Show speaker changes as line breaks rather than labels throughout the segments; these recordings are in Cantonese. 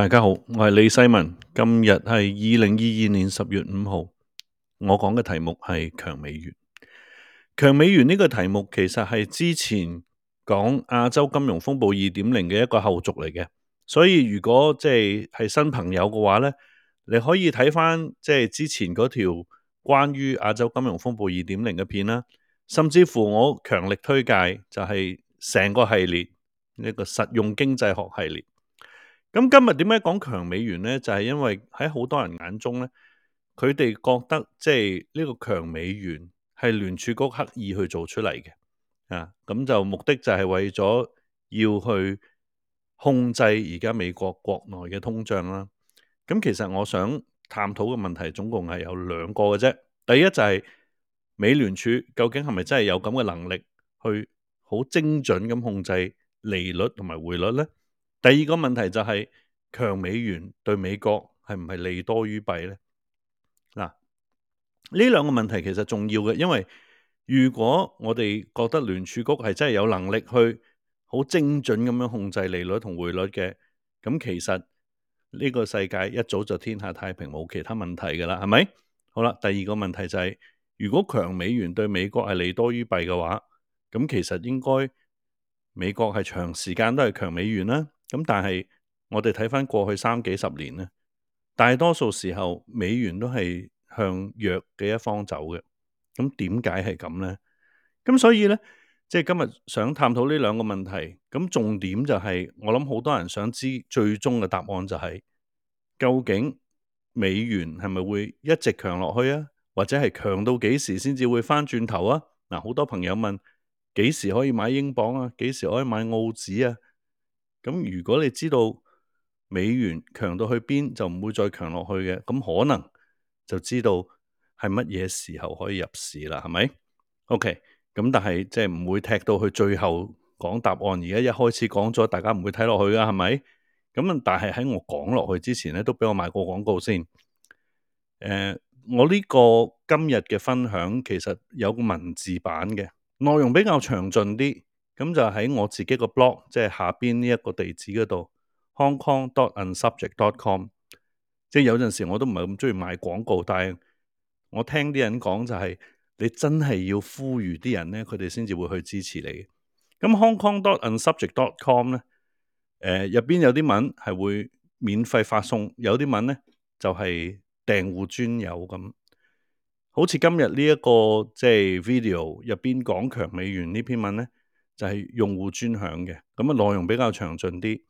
大家好，我係李世民，今日係二零二二年十月五號，我講嘅題目係強美元。強美元呢個題目其實係之前講亞洲金融風暴二點零嘅一個後續嚟嘅，所以如果即係係新朋友嘅話咧，你可以睇翻即係之前嗰條關於亞洲金融風暴二點零嘅片啦，甚至乎我強力推介就係成個系列呢個實用經濟學系列。咁今日點解講強美元呢？就係因為喺好多人眼中呢，佢哋覺得即係呢個強美元係聯儲局刻意去做出嚟嘅啊！咁就目的就係為咗要去控制而家美國國內嘅通脹啦。咁其實我想探討嘅問題總共係有兩個嘅啫。第一就係美聯儲究竟係咪真係有咁嘅能力去好精準咁控制利率同埋匯率呢？第二個問題就係、是、強美元對美國係唔係利多於弊呢？嗱，呢兩個問題其實重要嘅，因為如果我哋覺得聯儲局係真係有能力去好精準咁樣控制利率同匯率嘅，咁其實呢個世界一早就天下太平，冇其他問題噶啦，係咪？好啦，第二個問題就係、是、如果強美元對美國係利多於弊嘅話，咁其實應該美國係長時間都係強美元啦。咁但係我哋睇翻過去三幾十年，大多數時候美元都係向弱嘅一方走嘅。咁點解係咁咧？咁所以咧，即今日想探討呢兩個問題。咁重點就係、是、我諗好多人想知最終嘅答案就係、是，究竟美元係咪會一直強落去啊？或者係強到幾時先至會翻轉頭啊？嗱，好多朋友問幾時可以買英鎊啊？幾時可以買澳紙啊？咁如果你知道美元強到去邊，就唔會再強落去嘅，咁可能就知道係乜嘢時候可以入市啦，係咪？OK，咁但係即係唔會踢到去最後講答案，而家一開始講咗，大家唔會睇落去㗎，係咪？咁但係喺我講落去之前咧，都俾我賣個廣告先。誒、呃，我呢個今日嘅分享其實有個文字版嘅，內容比較詳盡啲。咁就喺我自己個 blog，即係下邊呢一個地址嗰度，Hongkong.dot.insubject.dot.com。即 Hong 係有陣時我都唔係咁中意賣廣告，但係我聽啲人講就係、是，你真係要呼籲啲人咧，佢哋先至會去支持你。咁 Hongkong.dot.insubject.dot.com 咧，誒、呃，入邊有啲文係會免費發送，有啲文咧就係、是、訂戶專有咁。好似今日呢一個即係、就是、video 入邊講強美元呢篇文咧。就係用戶專享嘅，咁內容比較詳盡啲。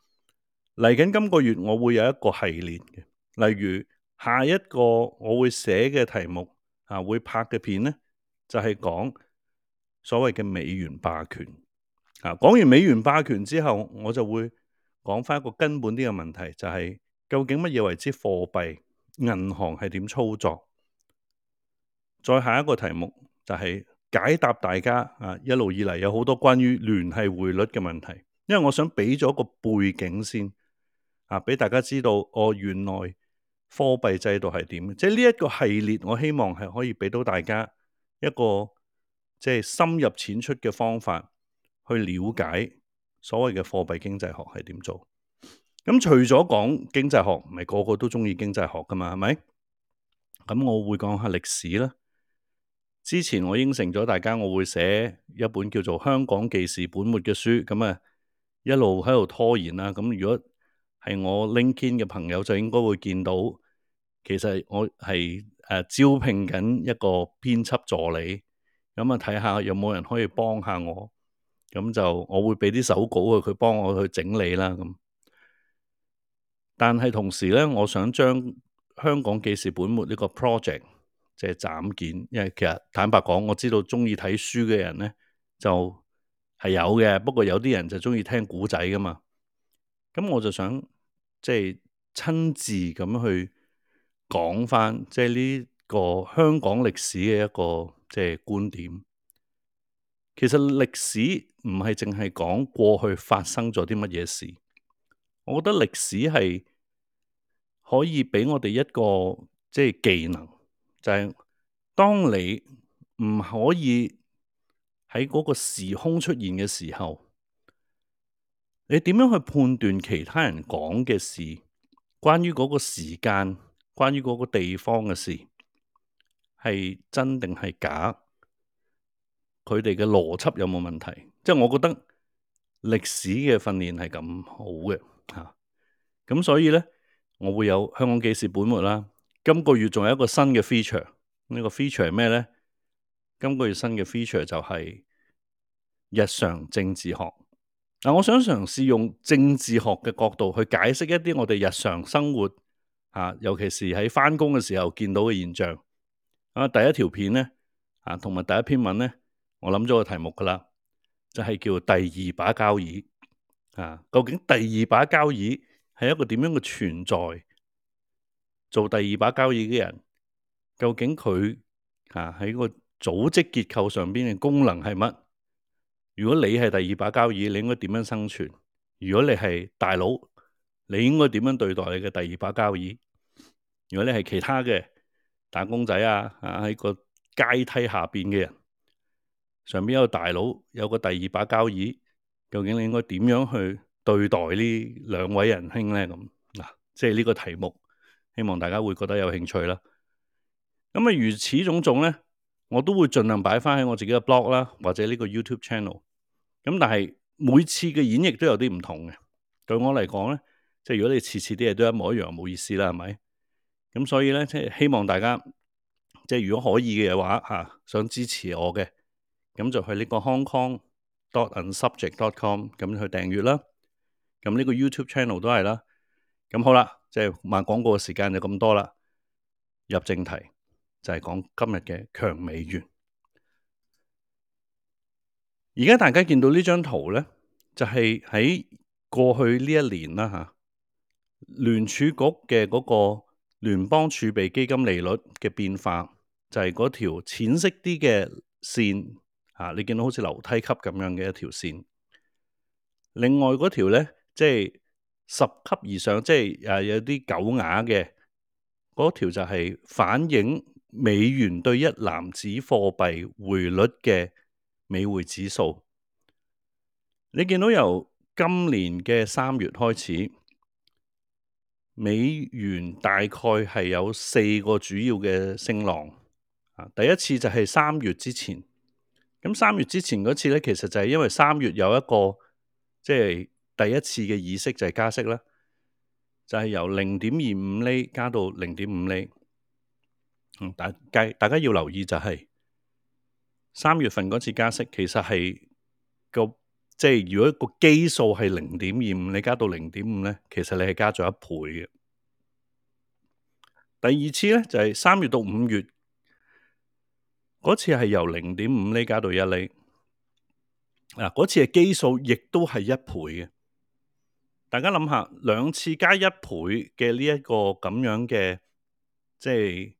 嚟緊今個月我會有一個系列嘅，例如下一個我會寫嘅題目啊，會拍嘅片呢就係講所謂嘅美元霸權。啊，講完美元霸權之後，我就會講返一個根本啲嘅問題，就係究竟乜嘢為之貨幣，銀行係點操作？再下一個題目就係，解答大家啊，一路以嚟，有好多關於聯繫匯率嘅問題。因為我想俾咗個背景先啊，俾大家知道我，哦，原來貨幣制度係點嘅，即係呢一個系列，我希望係可以俾到大家一個即係深入淺出嘅方法去了解所謂嘅貨幣經濟學係點做。咁，嗯，除咗講經濟學，唔係個個都中意經濟學噶嘛，係咪？咁我會講下歷史啦。之前我應承咗大家，我會寫一本叫做《香港記事本末》嘅書，咁啊一路喺度拖延啦。咁如果係我 LinkedIn 嘅朋友，就應該會見到，其實我係招聘緊一個編輯助理，咁啊睇下有冇人可以幫下我，咁就我會俾啲手稿去佢幫我去整理啦。咁但係同時呢，我想將《香港記事本末》呢個 project，即係斬件，因為其實坦白講，我知道中意睇書嘅人咧就係、是、有嘅，不過有啲人就中意聽古仔噶嘛。咁我就想即係、就是、親自咁去講翻，即係呢個香港歷史嘅一個即係、就是、觀點。其實歷史唔係淨係講過去發生咗啲乜嘢事，我覺得歷史係可以俾我哋一個即係、就是、技能。就係、是、當你唔可以喺嗰個時空出現嘅時候，你點樣去判斷其他人講嘅事，關於嗰個時間，關於嗰個地方嘅事係真定係假？佢哋嘅邏輯有冇問題？即係我覺得歷史嘅訓練係咁好嘅吓，咁、啊、所以咧我會有香港記事本末啦。今個月仲有一個新嘅 feature，fe 呢個 feature 係咩咧？今個月新嘅 feature 就係日常政治學。嗱、啊，我想嘗試用政治學嘅角度去解釋一啲我哋日常生活啊，尤其是喺返工嘅時候見到嘅現象。啊，第一條片咧啊，同埋第一篇文咧，我諗咗個題目噶啦，就係、是、叫第二把交椅。啊，究竟第二把交椅係一個點樣嘅存在？做第二把交椅嘅人，究竟佢啊喺個組織結構上邊嘅功能係乜？如果你係第二把交椅，你應該點樣生存？如果你係大佬，你應該點樣對待你嘅第二把交椅？如果你係其他嘅打工仔啊，啊喺個階梯下邊嘅人，上邊有個大佬，有個第二把交椅，究竟你應該點樣去對待呢兩位仁兄咧？咁嗱，即係呢個題目。希望大家會覺得有興趣啦。咁、嗯、啊，如此種種咧，我都會盡量擺翻喺我自己嘅 blog 啦，或者呢個 YouTube channel。咁、嗯、但係每次嘅演繹都有啲唔同嘅。對我嚟講咧，即係如果你次次啲嘢都一模一樣，冇意思啦，係咪？咁所以咧，即係希望大家即係如果可以嘅話嚇、啊，想支持我嘅，咁就去呢個 hongkong.onsubject.com 咁去訂閲啦。咁呢個 YouTube channel 都係啦。咁好啦。即係賣廣告嘅時間就咁多啦，入正題就係、是、講今日嘅強美元。而家大家見到呢張圖咧，就係、是、喺過去呢一年啦吓、啊，聯儲局嘅嗰個聯邦儲備基金利率嘅變化，就係、是、嗰條淺色啲嘅線啊，你見到好似樓梯級咁樣嘅一條線。另外嗰條咧，即係。十級以上，即係誒有啲鋸牙嘅嗰條就係反映美元對一籃子貨幣匯率嘅美匯指數。你見到由今年嘅三月開始，美元大概係有四個主要嘅升浪。啊，第一次就係三月之前，咁三月之前嗰次咧，其實就係因為三月有一個即係。第一次嘅意識就係加息啦，就係、是、由零點二五厘加到零點五厘。大家，大家要留意就係、是、三月份嗰次加息，其實係個即係如果個基數係零點二五，你加到零點五咧，其實你係加咗一倍嘅。第二次咧就係、是、三月到五月嗰次係由零點五厘加到一厘嗱，嗰次嘅基數亦都係一倍嘅。大家諗下，兩次加一倍嘅呢一個咁樣嘅即係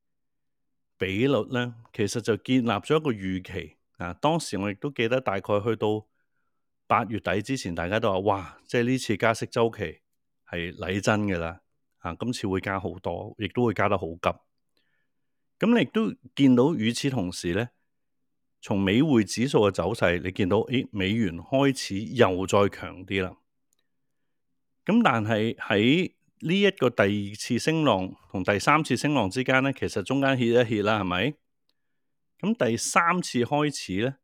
比率呢，其實就建立咗一個預期啊！當時我亦都記得，大概去到八月底之前，大家都話：哇！即係呢次加息周期係嚟真噶啦啊！今次會加好多，亦都會加得好急。咁你亦都見到，與此同時呢，從美匯指數嘅走勢，你見到，咦，美元開始又再強啲啦。咁但係喺呢一個第二次升浪同第三次升浪之間咧，其實中間歇一歇啦，係咪？咁第三次開始咧，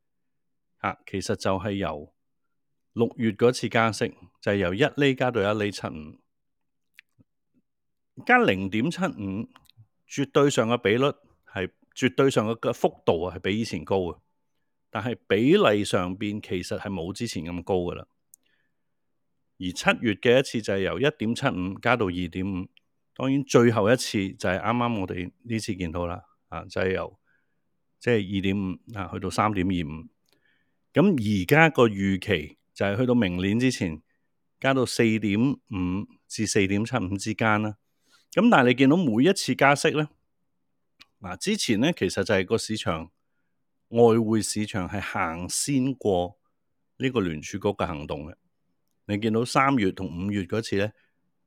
啊，其實就係由六月嗰次加息，就係由一厘加到一厘七五，加零點七五，絕對上嘅比率係絕對上嘅幅度啊，係比以前高嘅，但係比例上邊其實係冇之前咁高嘅啦。而七月嘅一次就係由一點七五加到二點五，當然最後一次就係啱啱我哋呢次見到啦，啊就係、是、由即係二點五啊去到三點二五，咁而家個預期就係去到明年之前加到四點五至四點七五之間啦。咁、啊、但係你見到每一次加息咧，嗱、啊、之前咧其實就係個市場外匯市場係行先過呢個聯儲局嘅行動嘅。你見到三月同五月嗰次咧，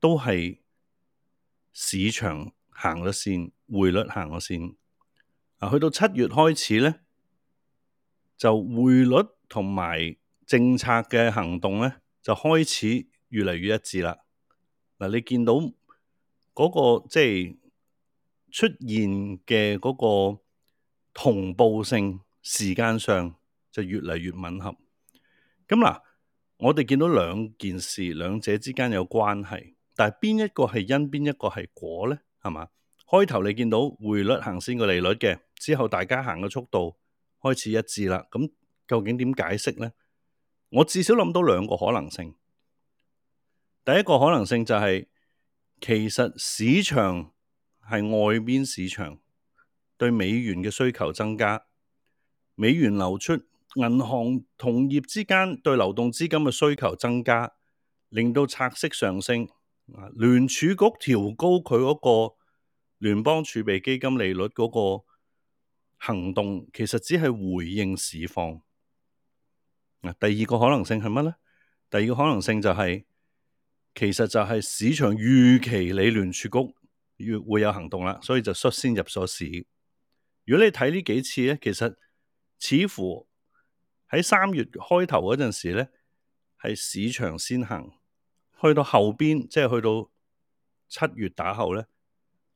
都係市場行咗線，匯率行咗線。嗱、啊，去到七月開始咧，就匯率同埋政策嘅行動咧，就開始越嚟越一致啦。嗱、啊，你見到嗰、那個即係、就是、出現嘅嗰個同步性，時間上就越嚟越吻合。咁、啊、嗱。我哋見到兩件事，兩者之間有關係，但係邊一個係因，邊一個係果咧？係嘛？開頭你見到匯率行先個利率嘅，之後大家行嘅速度開始一致啦。咁究竟點解釋咧？我至少諗到兩個可能性。第一個可能性就係，其實市場係外邊市場對美元嘅需求增加，美元流出。銀行同業之間對流動資金嘅需求增加，令到拆息上升。聯儲局調高佢嗰個聯邦儲備基金利率嗰個行動，其實只係回應市況。啊，第二個可能性係乜咧？第二個可能性就係、是，其實就係市場預期你聯儲局要會有行動啦，所以就率先入咗市。如果你睇呢幾次咧，其實似乎。喺三月開頭嗰陣時咧，係市場先行，去到後邊即係去到七月打後咧，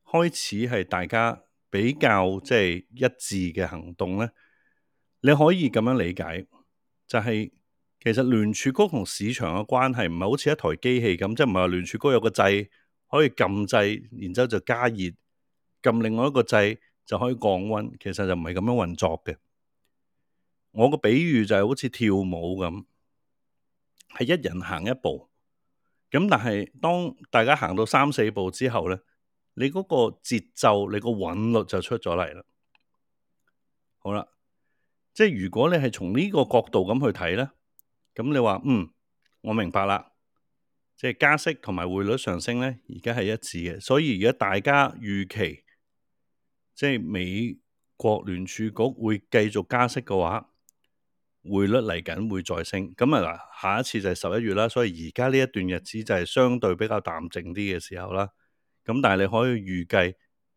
開始係大家比較即係一致嘅行動咧。你可以咁樣理解，就係、是、其實聯儲局同市場嘅關係唔係好似一台機器咁，即係唔係話聯儲局有個掣可以撳掣，然之後就加熱，撳另外一個掣就可以降溫。其實就唔係咁樣運作嘅。我個比喻就係好似跳舞咁，係一人行一步，咁但係當大家行到三四步之後咧，你嗰個節奏、你個韻律就出咗嚟啦。好啦，即係如果你係從呢個角度咁去睇咧，咁你話嗯，我明白啦。即係加息同埋匯率上升咧，而家係一致嘅，所以而家大家預期即係美國聯儲局會繼續加息嘅話。匯率嚟緊會再升，咁啊，嗱，下一次就係十一月啦，所以而家呢一段日子就係相對比較淡靜啲嘅時候啦。咁但係你可以預計，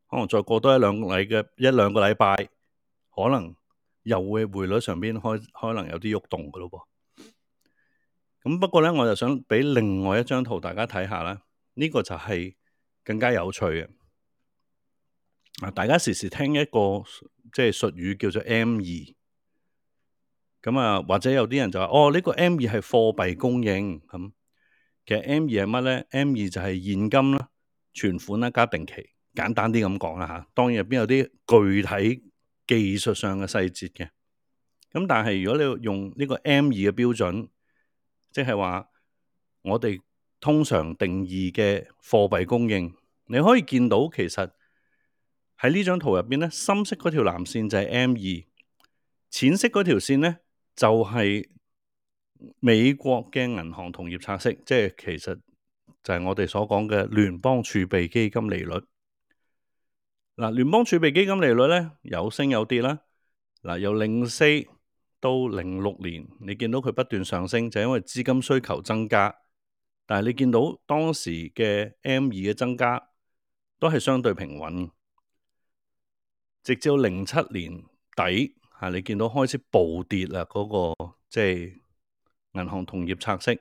可能再過多一兩個禮嘅一兩個禮拜，可能又會匯率上邊開可能有啲喐動噶咯噃。咁不過咧，我就想畀另外一張圖大家睇下啦，呢個就係更加有趣嘅。啊，大家時時聽一個即係術語叫做 M 二。咁啊，或者有啲人就話哦，呢個 M 二係貨幣供應咁、嗯。其實 M 二係乜咧？M 二就係現金啦、存款啦加定期，簡單啲咁講啦吓。當然入邊有啲具體技術上嘅細節嘅。咁、嗯、但係如果你用呢個 M 二嘅標準，即係話我哋通常定義嘅貨幣供應，你可以見到其實喺呢張圖入邊咧，深色嗰條藍線就係 M 二，淺色嗰條線咧，就係美國嘅銀行同業拆息，即係其實就係我哋所講嘅聯邦儲備基金利率。嗱、啊，聯邦儲備基金利率咧有升有跌啦。嗱、啊，由零四到零六年，你見到佢不斷上升，就是、因為資金需求增加。但係你見到當時嘅 M 二嘅增加都係相對平穩，直至到零七年底。吓，你見到開始暴跌啦，嗰、那個即係、就是、銀行同業拆息。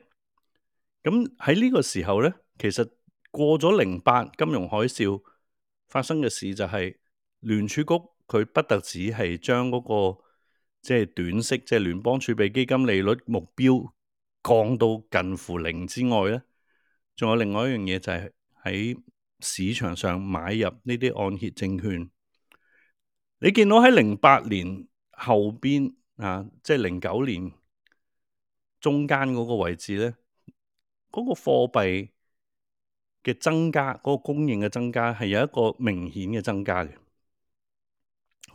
咁喺呢個時候咧，其實過咗零八金融海嘯發生嘅事，就係聯儲局佢不得止係將嗰、那個即係、就是、短息，即、就、係、是、聯邦儲備基金利率目標降到近乎零之外咧，仲有另外一樣嘢就係喺市場上買入呢啲按揭證券。你見到喺零八年。後邊啊，即係零九年中間嗰個位置咧，嗰個貨幣嘅增加，嗰個供應嘅增加係有一個明顯嘅增加嘅。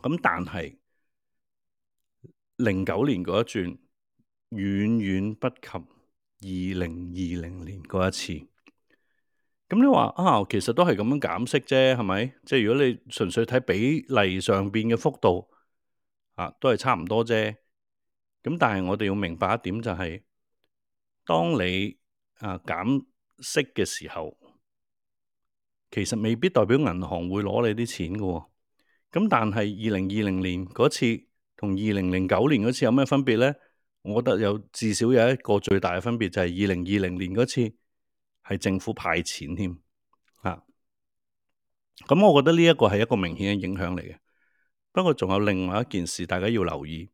咁但係零九年嗰一轉，遠遠不及二零二零年嗰一次。咁你話啊，其實都係咁樣減息啫，係咪？即係如果你純粹睇比例上邊嘅幅度。啊，都係差唔多啫。咁但係我哋要明白一點就係、是，當你啊減息嘅時候，其實未必代表銀行會攞你啲錢㗎、哦。咁但係二零二零年嗰次同二零零九年嗰次有咩分別咧？我覺得有至少有一個最大嘅分別就係二零二零年嗰次係政府派錢添啊。咁、嗯、我覺得呢一個係一個明顯嘅影響嚟嘅。不過仲有另外一件事，大家要留意，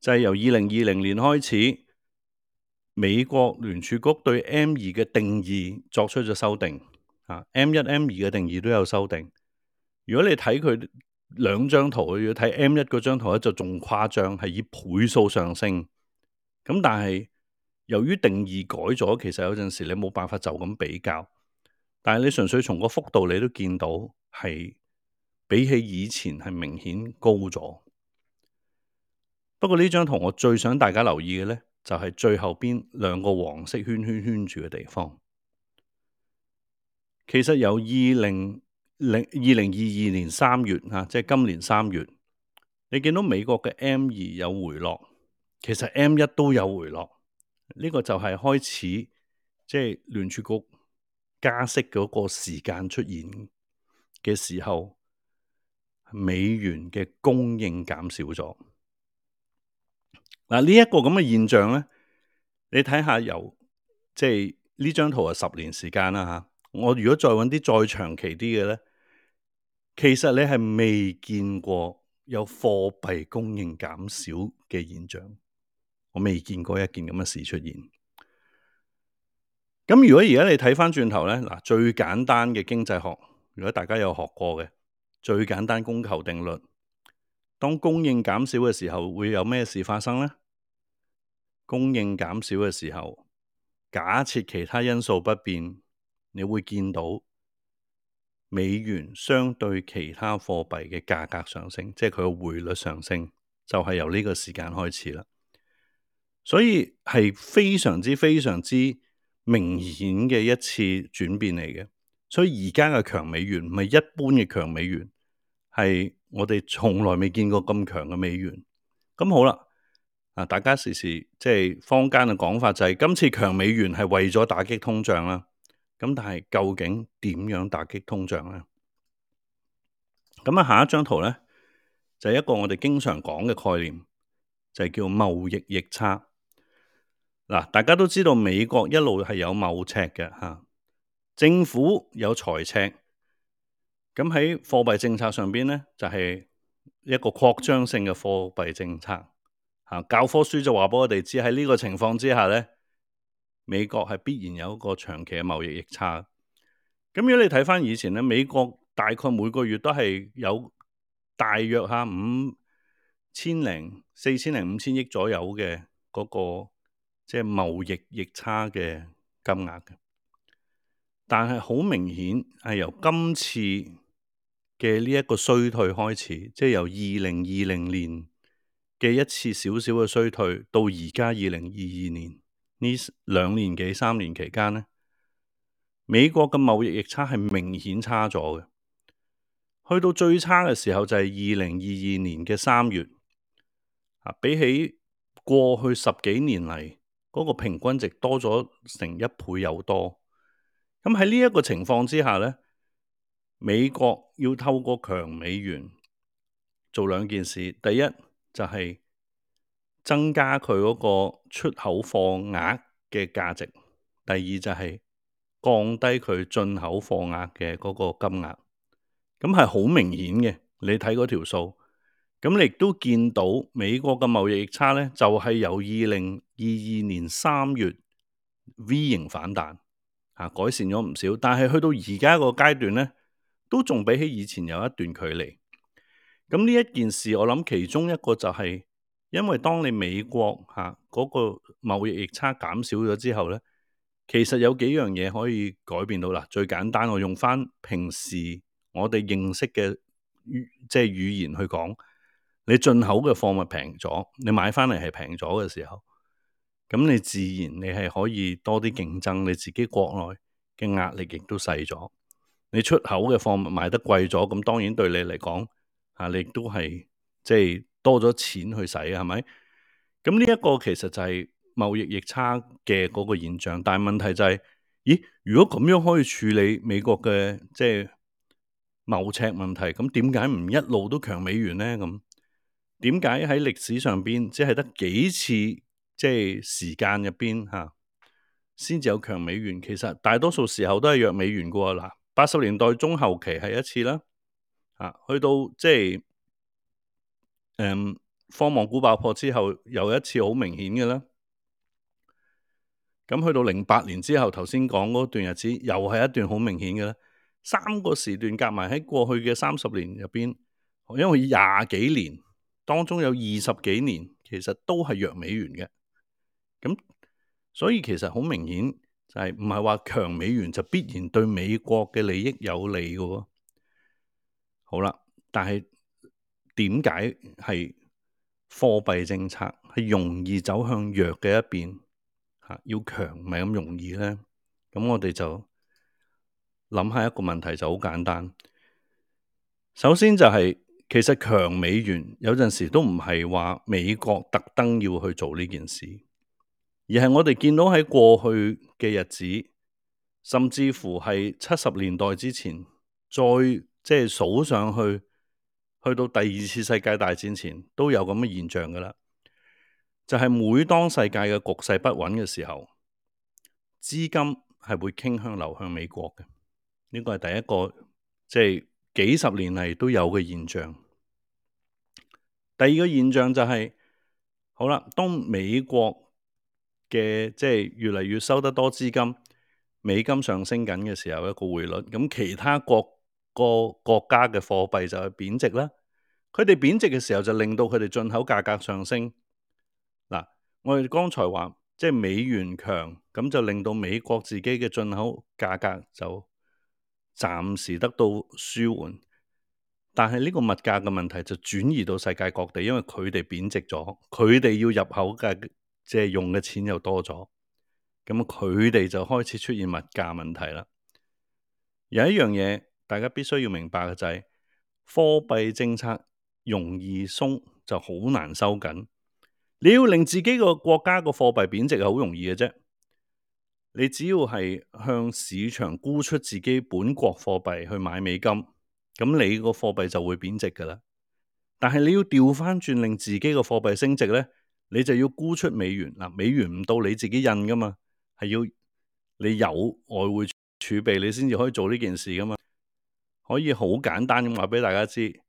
就係由二零二零年開始，美國聯儲局對 M 二嘅定義作出咗修訂，啊 M 一、M 二嘅定義都有修訂。如果你睇佢兩張圖，要睇 M 一嗰張圖咧，就仲誇張，係以倍數上升。咁但係由於定義改咗，其實有陣時你冇辦法就咁比較。但係你純粹從個幅度，你都見到係。比起以前係明顯高咗，不過呢張圖我最想大家留意嘅咧，就係、是、最後邊兩個黃色圈圈圈住嘅地方。其實有二零零二零二二年三月吓，即、啊、係、就是，今年三月，你見到美國嘅 M 二有回落，其實 M 一都有回落，呢、這個就係開始即係、就是，聯儲局加息嗰個時間出現嘅時候。美元嘅供應減少咗，嗱呢一個咁嘅現象咧，你睇下由即係呢張圖啊，十年時間啦嚇。我如果再搵啲再長期啲嘅咧，其實你係未見過有貨幣供應減少嘅現象，我未見過一件咁嘅事出現。咁如果而家你睇返轉頭咧，嗱最簡單嘅經濟學，如果大家有學過嘅。最簡單供求定律，當供應減少嘅時候，會有咩事發生呢？供應減少嘅時候，假設其他因素不變，你會見到美元相對其他貨幣嘅價格上升，即係佢嘅匯率上升，就係、是、由呢個時間開始啦。所以係非常之非常之明顯嘅一次轉變嚟嘅。所以而家嘅強美元唔係一般嘅強美元。係我哋從來未見過咁強嘅美元，咁好啦，啊大家時時即係、就是、坊間嘅講法就係、是、今次強美元係為咗打擊通脹啦，咁但係究竟點樣打擊通脹咧？咁啊下一張圖咧就係、是、一個我哋經常講嘅概念，就係、是、叫貿易逆差。嗱，大家都知道美國一路係有貿赤嘅嚇，政府有財赤。咁喺貨幣政策上邊咧，就係、是、一個擴張性嘅貨幣政策。吓教科書就話俾我哋知喺呢個情況之下咧，美國係必然有一個長期嘅貿易逆差。咁如果你睇翻以前咧，美國大概每個月都係有大約下五千零四千零五千億左右嘅嗰、那個即係、就是、貿易逆差嘅金額嘅。但係好明顯係由今次。嘅呢一個衰退開始，即係由二零二零年嘅一次少少嘅衰退，到而家二零二二年呢兩年幾三年期間呢，美國嘅貿易逆差係明顯差咗嘅。去到最差嘅時候就係二零二二年嘅三月啊，比起過去十幾年嚟，嗰個平均值多咗成一倍有多。咁喺呢一個情況之下呢。美國要透過強美元做兩件事，第一就係增加佢嗰個出口貨額嘅價值，第二就係降低佢進口貨額嘅嗰個金額。咁係好明顯嘅，你睇嗰條數，咁你亦都見到美國嘅貿易逆差咧，就係由二零二二年三月 V 型反彈吓改善咗唔少，但係去到而家個階段咧。都仲比起以前有一段距離，咁呢一件事，我諗其中一個就係，因為當你美國吓嗰個貿易逆差減少咗之後咧，其實有幾樣嘢可以改變到啦。最簡單，我用翻平時我哋認識嘅即係語言去講，你進口嘅貨物平咗，你買翻嚟係平咗嘅時候，咁你自然你係可以多啲競爭，你自己國內嘅壓力亦都細咗。你出口嘅貨物賣得貴咗，咁當然對你嚟講，吓你都係多咗錢去使啊，係咪？咁呢一個其實就係貿易逆差嘅嗰個現象，但係問題就係、是，咦？如果咁樣可以處理美國嘅即係貿赤問題，咁點解唔一路都強美元呢？咁點解喺歷史上邊，只係得幾次即係時間入邊吓，先、啊、至有強美元？其實大多數時候都係弱美元噶啦。八十年代中後期係一次啦，吓、啊、去到即係、嗯，科網股爆破之後，又一次好明顯嘅啦。咁去到零八年之後，頭先講嗰段日子，又係一段好明顯嘅啦。三個時段夾埋喺過去嘅三十年入邊，因為廿幾年當中有二十幾年，其實都係弱美元嘅。咁所以其實好明顯。但係唔係話強美元就必然對美國嘅利益有利嘅喎，好啦，但係點解係貨幣政策係容易走向弱嘅一邊吓？要強唔係咁容易咧？咁我哋就諗下一個問題就好簡單。首先就係，其實強美元有陣時都唔係話美國特登要去做呢件事。而係我哋見到喺過去嘅日子，甚至乎係七十年代之前，再即係、就是、數上去，去到第二次世界大戰前都有咁嘅現象噶啦。就係、是、每當世界嘅局勢不穩嘅時候，資金係會傾向流向美國嘅。呢、這個係第一個，即、就、係、是、幾十年嚟都有嘅現象。第二個現象就係、是，好啦，當美國嘅即係越嚟越收得多資金，美金上升緊嘅時候一個匯率，咁其他國個國家嘅貨幣就係貶值啦。佢哋貶值嘅時候就令到佢哋進口價格上升。嗱，我哋剛才話即係美元強，咁就令到美國自己嘅進口價格就暫時得到舒緩，但係呢個物價嘅問題就轉移到世界各地，因為佢哋貶值咗，佢哋要入口嘅。即係用嘅錢又多咗，咁佢哋就開始出現物價問題啦。有一樣嘢，大家必須要明白嘅就係貨幣政策容易，鬆就好難收緊。你要令自己個國家個貨幣貶值係好容易嘅啫。你只要係向市場沽出自己本國貨幣去買美金，咁你個貨幣就會貶值噶啦。但係你要調翻轉令自己個貨幣升值咧？你就要沽出美元嗱，啊，美元唔到你自己印噶嘛，係要你有外匯儲備，你先至可以做呢件事噶嘛。可以好簡單咁話俾大家知，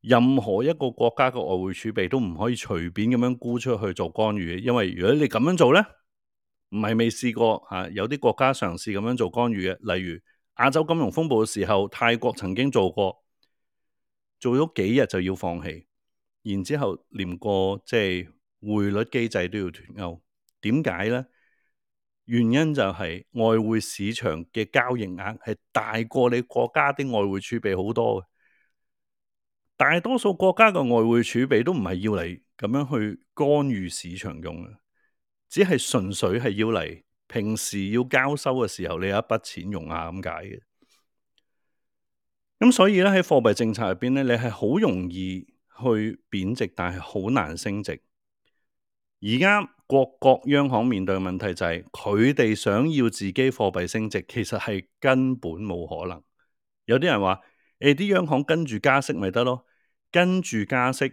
任何一個國家嘅外匯儲備都唔可以隨便咁樣沽出去做干預，因為如果你咁樣做咧，唔係未試過吓，啊，有啲國家嘗試咁樣做干預嘅，例如亞洲金融風暴嘅時候，泰國曾經做過，做咗幾日就要放棄，然之後連個即係。匯率機制都要脫鈎，點解咧？原因就係外匯市場嘅交易額係大過你國家啲外匯儲備好多嘅。大多數國家嘅外匯儲備都唔係要嚟咁樣去干預市場用嘅，只係純粹係要嚟平時要交收嘅時候，你有一筆錢用下咁解嘅。咁所以咧，喺貨幣政策入邊咧，你係好容易去貶值，但係好難升值。而家各國央行面對嘅問題就係，佢哋想要自己貨幣升值，其實係根本冇可能。有啲人話，誒，啲央行跟住加息咪得咯？跟住加息，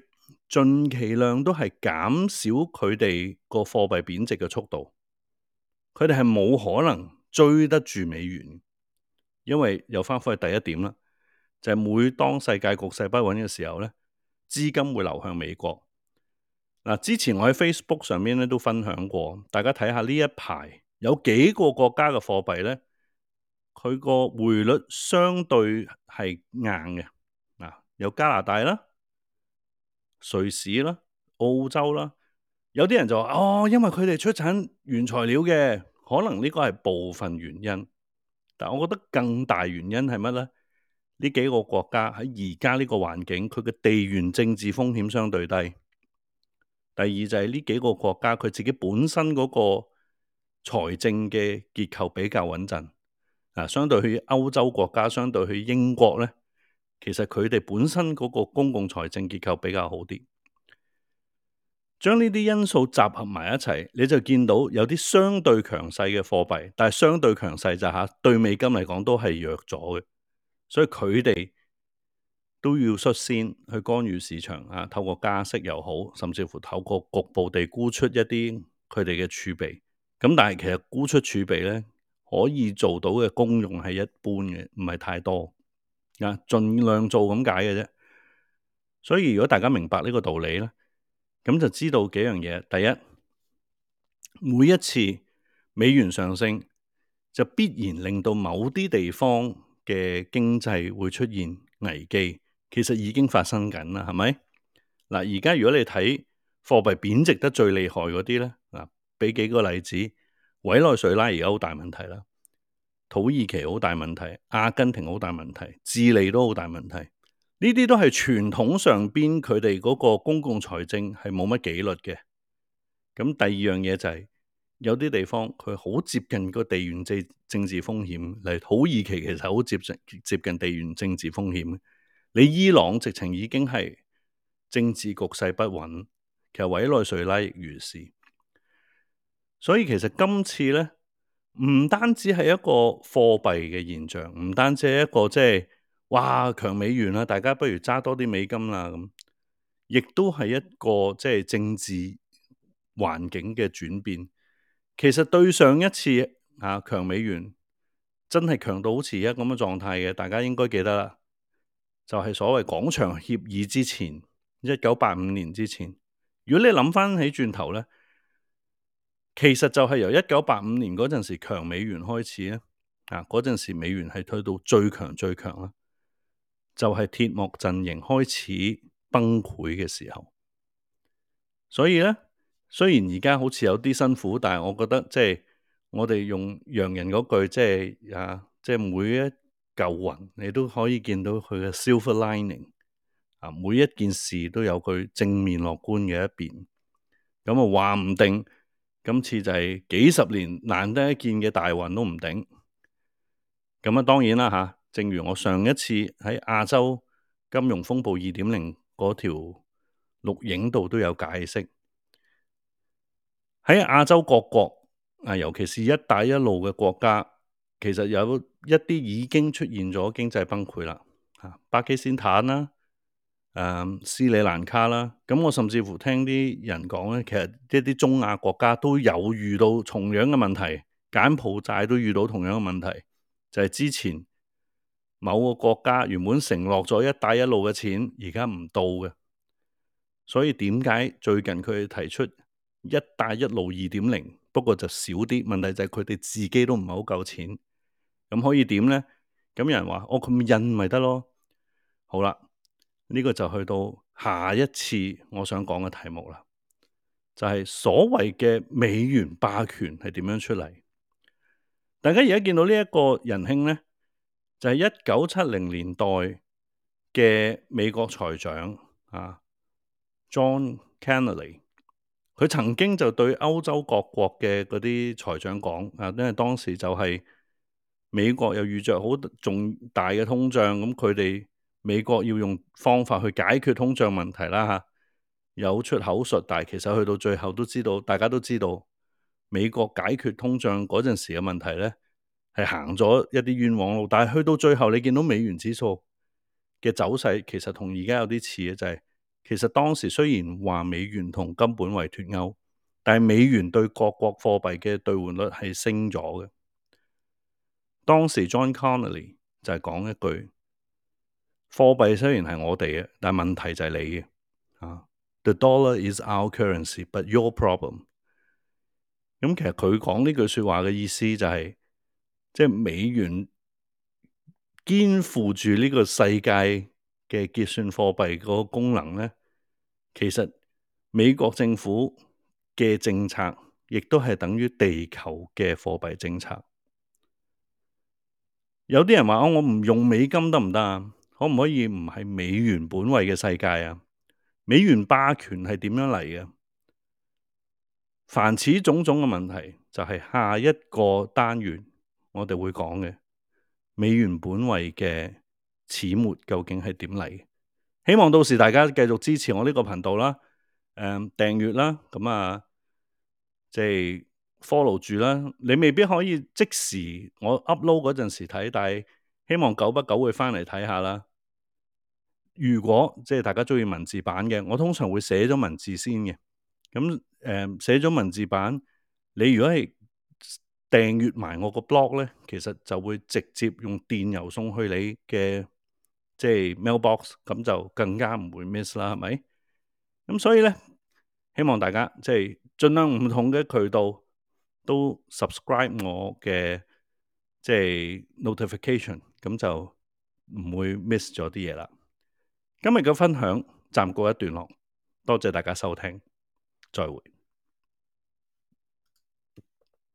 盡其量都係減少佢哋個貨幣貶值嘅速度。佢哋係冇可能追得住美元，因為又翻返去第一點啦，就係每當世界局勢不穩嘅時候呢，資金會流向美國。嗱，之前我喺 Facebook 上面咧都分享過，大家睇下呢一排有幾個國家嘅貨幣咧，佢個匯率相對係硬嘅。嗱，有加拿大啦、瑞士啦、澳洲啦，有啲人就話：哦，因為佢哋出產原材料嘅，可能呢個係部分原因。但我覺得更大原因係乜咧？呢幾個國家喺而家呢個環境，佢嘅地緣政治風險相對低。第二就係呢幾個國家，佢自己本身嗰個財政嘅結構比較穩陣。啊，相對去歐洲國家，相對去英國咧，其實佢哋本身嗰個公共財政結構比較好啲。將呢啲因素集合埋一齊，你就見到有啲相對強勢嘅貨幣，但係相對強勢就係對美金嚟講都係弱咗嘅，所以佢哋，都要率先去干預市場啊！透過加息又好，甚至乎透過局部地沽出一啲佢哋嘅儲備。咁但係其實沽出儲備咧，可以做到嘅功用係一般嘅，唔係太多啊，盡量做咁解嘅啫。所以如果大家明白呢個道理咧，咁就知道幾樣嘢。第一，每一次美元上升，就必然令到某啲地方嘅經濟會出現危機。其實已經發生緊啦，係咪？嗱，而家如果你睇貨幣貶值得最厲害嗰啲咧，嗱，俾幾個例子：委內瑞拉而家好大問題啦，土耳其好大問題，阿根廷好大問題，智利都好大問題。呢啲都係傳統上邊佢哋嗰個公共財政係冇乜紀律嘅。咁第二樣嘢就係、是，有啲地方佢好接近個地緣政政治風險，嚟，土耳其其實好接近接近地緣政治風險。你伊朗，直情已經係政治局勢不穩，其實委內瑞拉亦如是，所以其實今次咧唔單止係一個貨幣嘅現象，唔單止係一個即係，哇，強美元啦，大家不如揸多啲美金啦咁，亦都係一個即係政治環境嘅轉變。其實對上一次啊，強美元真係強到好似一個咁嘅狀態嘅，大家應該記得啦。就係所謂廣場協議之前，一九八五年之前，如果你諗返起轉頭咧，其實就係由一九八五年嗰陣時強美元開始嗰陣、啊、時美元係推到最強最強就係、是、鐵幕陣營開始崩潰嘅時候，所以呢，雖然而家好似有啲辛苦，但係我覺得即係、就是、我哋用洋人嗰句即係、就是啊就是、每一。舊雲，你都可以見到佢嘅 silver lining 啊！每一件事都有佢正面樂觀嘅一邊。咁啊，話唔定今次就係幾十年難得一見嘅大運都唔定。咁啊，當然啦吓，正如我上一次喺亞洲金融風暴二點零嗰條錄影度都有解釋，喺亞洲各國啊，尤其是一帶一路嘅國家。其實有一啲已經出現咗經濟崩潰啦，啊，巴基斯坦啦，誒、嗯，斯里蘭卡啦，咁我甚至乎聽啲人講咧，其實一啲中亞國家都有遇到同樣嘅問題，柬埔寨都遇到同樣嘅問題，就係、是、之前某個國家原本承諾咗一帶一路嘅錢，而家唔到嘅，所以點解最近佢提出一帶一路二點零？不過就少啲問題就係佢哋自己都唔係好夠錢。咁、嗯、可以點咧？咁有人話：我、哦、咁印咪得咯？好啦，呢、這個就去到下一次我想講嘅題目啦，就係、是、所謂嘅美元霸權係點樣出嚟？大家而家見到人呢一個仁兄咧，就係一九七零年代嘅美國財長啊，John Connally。佢曾經就對歐洲各國嘅嗰啲財長講啊，因為當時就係、是。美國又遇着好重大嘅通脹，咁佢哋美國要用方法去解決通脹問題啦嚇。有出口術，但係其實去到最後都知道，大家都知道美國解決通脹嗰陣時嘅問題咧，係行咗一啲冤枉路。但係去到最後，你見到美元指數嘅走勢，其實同而家有啲似嘅就係、是，其實當時雖然話美元同金本位脫鉤，但係美元對各國貨幣嘅兌換率係升咗嘅。當時 John Connolly 就係講一句：貨幣雖然係我哋嘅，但問題就係你嘅。啊，The dollar is our currency, but your problem、嗯。咁其實佢講呢句説話嘅意思就係，即係美元肩負住呢個世界嘅結算貨幣嗰個功能咧，其實美國政府嘅政，政策，亦都係等於地球嘅貨幣政策。有啲人話、哦，我唔用美金得唔得啊？可唔可以唔係美元本位嘅世界啊？美元霸權係點樣嚟嘅？凡此種種嘅問題，就係、是、下一個單元我哋會講嘅。美元本位嘅始末究竟係點嚟？希望到時大家繼續支持我呢個頻道啦，誒、嗯，訂閱啦，咁啊，即係。follow 住啦，你未必可以即時我 upload 嗰陣時睇，但係希望久不久會翻嚟睇下啦。如果即係大家中意文字版嘅，我通常會寫咗文字先嘅。咁誒、寫、呃、咗文字版，你如果係訂閱埋我個 blog 咧，其實就會直接用電郵送去你嘅即係 mailbox，咁就更加唔會 miss 啦，係咪？咁所以咧，希望大家即係盡量唔同嘅渠道都 subscribe 我嘅即係 notification，咁就唔會 miss 咗啲嘢喇。今日嘅分享暫告一段落，多謝大家收聽，再會。